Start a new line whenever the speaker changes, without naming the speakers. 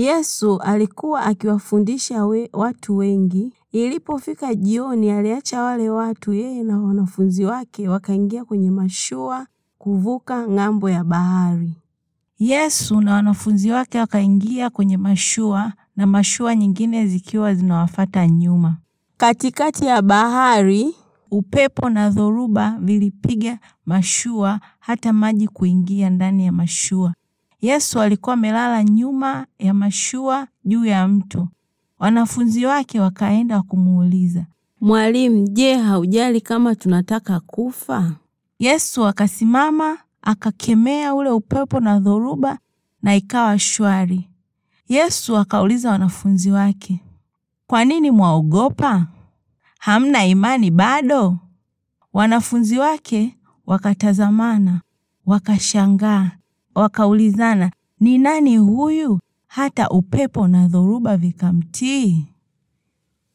Yesu alikuwa akiwafundisha we, watu wengi. Ilipofika jioni, aliacha wale watu yeye na wanafunzi wake wakaingia kwenye mashua kuvuka ng'ambo ya bahari. Yesu na wanafunzi wake wakaingia kwenye mashua na mashua nyingine zikiwa zinawafata nyuma. Katikati ya bahari, upepo na dhoruba vilipiga mashua hata maji kuingia ndani ya mashua. Yesu alikuwa amelala nyuma ya mashua juu ya mto. Wanafunzi wake wakaenda kumuuliza, Mwalimu, je, haujali kama tunataka kufa? Yesu akasimama akakemea ule upepo na dhoruba, na ikawa shwari. Yesu akauliza wanafunzi wake, kwa nini mwaogopa? Hamna imani bado? Wanafunzi wake wakatazamana, wakashangaa, wakaulizana, ni nani huyu hata upepo na dhoruba vikamtii?